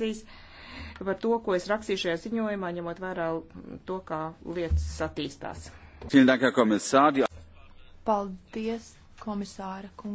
reakcijas par to, ko es rakstīju šajā ziņojumā, ņemot vērā to, kā lietas attīstās. Paldies, komisāra kungs.